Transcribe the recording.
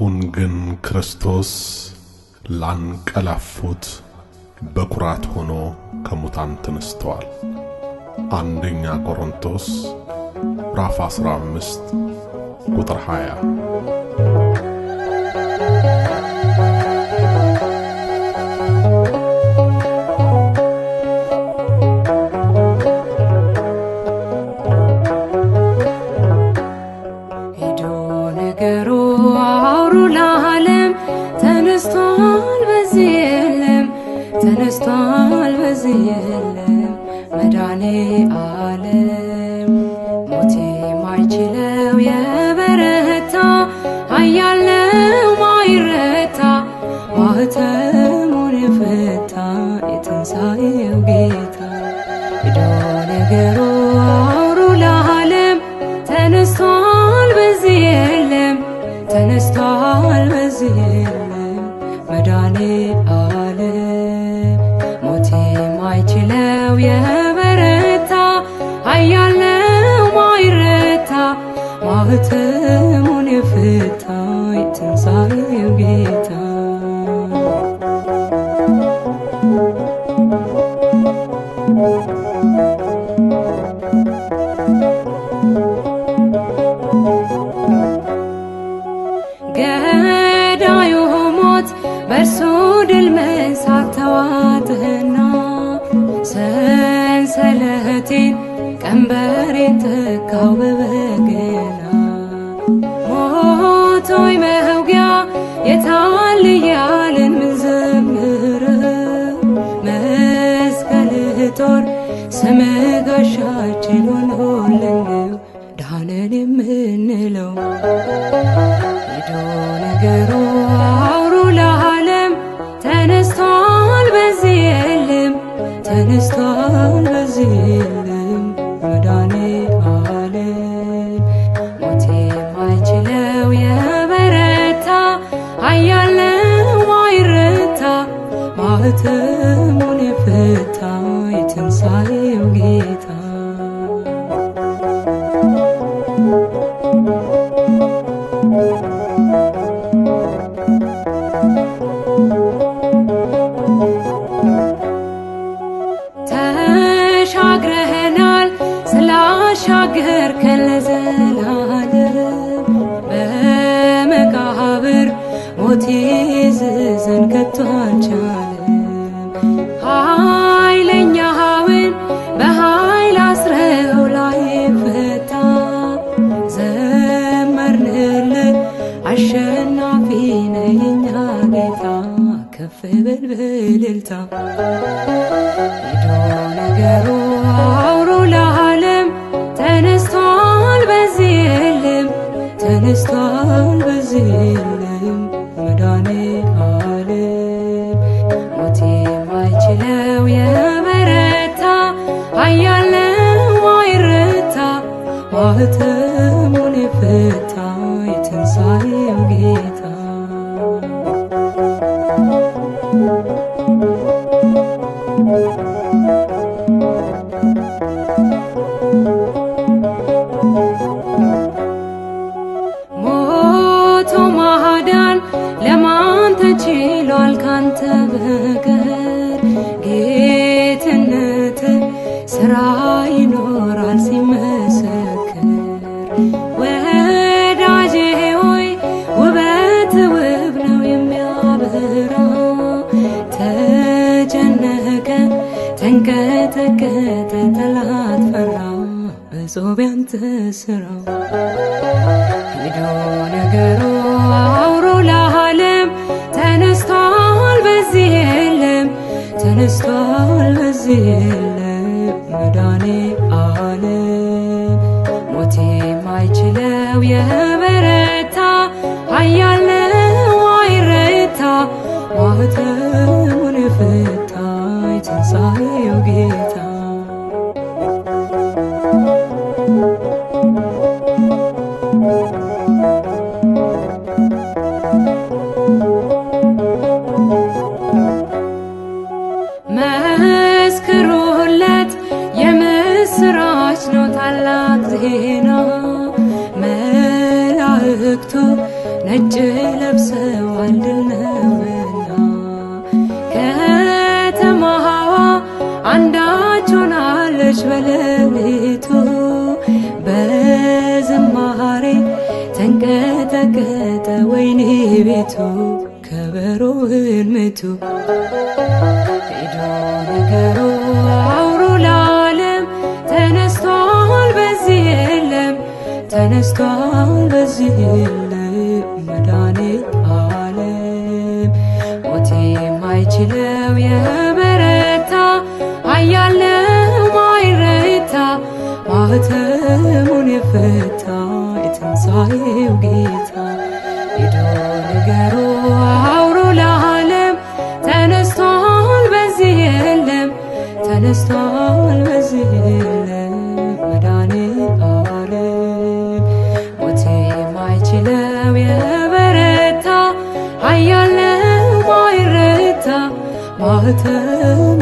አሁን ግን ክርስቶስ ላንቀላፉት በኩራት ሆኖ ከሙታን ተነስተዋል። አንደኛ ቆሮንቶስ ራፍ 15 ቁጥር 20 የለም መዳኔ አለም ሞቴ ማይችለው የበረታ አያለው ማይረታ ማኅተሙን የፈታ የትንሣኤው ጌታ ሄዶ ነገሩ አውሩ ለዓለም ተነስቷል በዚህ የለም ተነስቷል በዚህ የለም መድኃኔ ነው የበረታ ኃያል ማይረታ ማህተም ችግሬን ቀንበሬን ተካው በበገና ሞቶይ መውጊያ የታል እያልን ምንዘምረው መስቀልህ ጦር ስምህ ጋሻችን ሆኖልን ዳነን የምንለው ሄዶ ነገሩ አውሩ ለዓለም ተነስቷል በዚህ የለም ተነስቷል የለም መዳኔ ዓለም ሞት ማይችለው የበረታ አያለ ነው ማይረታ ማኅተሙን የፈታ የትንሣኤው ጌታ ዘመን በእልልታ ሄዶ ነገሩ አውሮ ለዓለም ተነስቷል በዚህ የለም ተነስቷል በዚህ የለም መዳኔ ዓለም ሞት የማይችለው የበረታ አያለው አይረታ ማህተም ካንተ በቀር ጌትነት ስራ ይኖራል ሲመሰክር ወዳጄ ሆይ ውበት ውብ ነው የሚያበራው ተጨነቀ ተንቀጠቀጠ ጠላት ሄዶ ነገሩ አውሮ ለዓለም ተነስቷል በዚህ ልብ መዳኔ ዓለም ሞት የማይችለው የበረታ ኃያል ነው አይረታ ማኅተሙን የፈታ የትንሣኤው ጌታ ተግቶ ነጭ ለብሰው አንድነውና ከተማዋ አንዳች ሆናለች በሌሊቱ በዝማሬ ተንቀጠቀጠ ወይኒ ቤቱ ከበሮ ህልምቱ ሄዶ ነገሩ እስካሁን በዚህ ልብ መድኃኒት ዓለም ሞት የማይችለው የበረታ አያለ ማይረታ ማህተሙን የፈታ የትንሣኤው ጌታ የበረታ ኃያል ማይረታ ማኅተም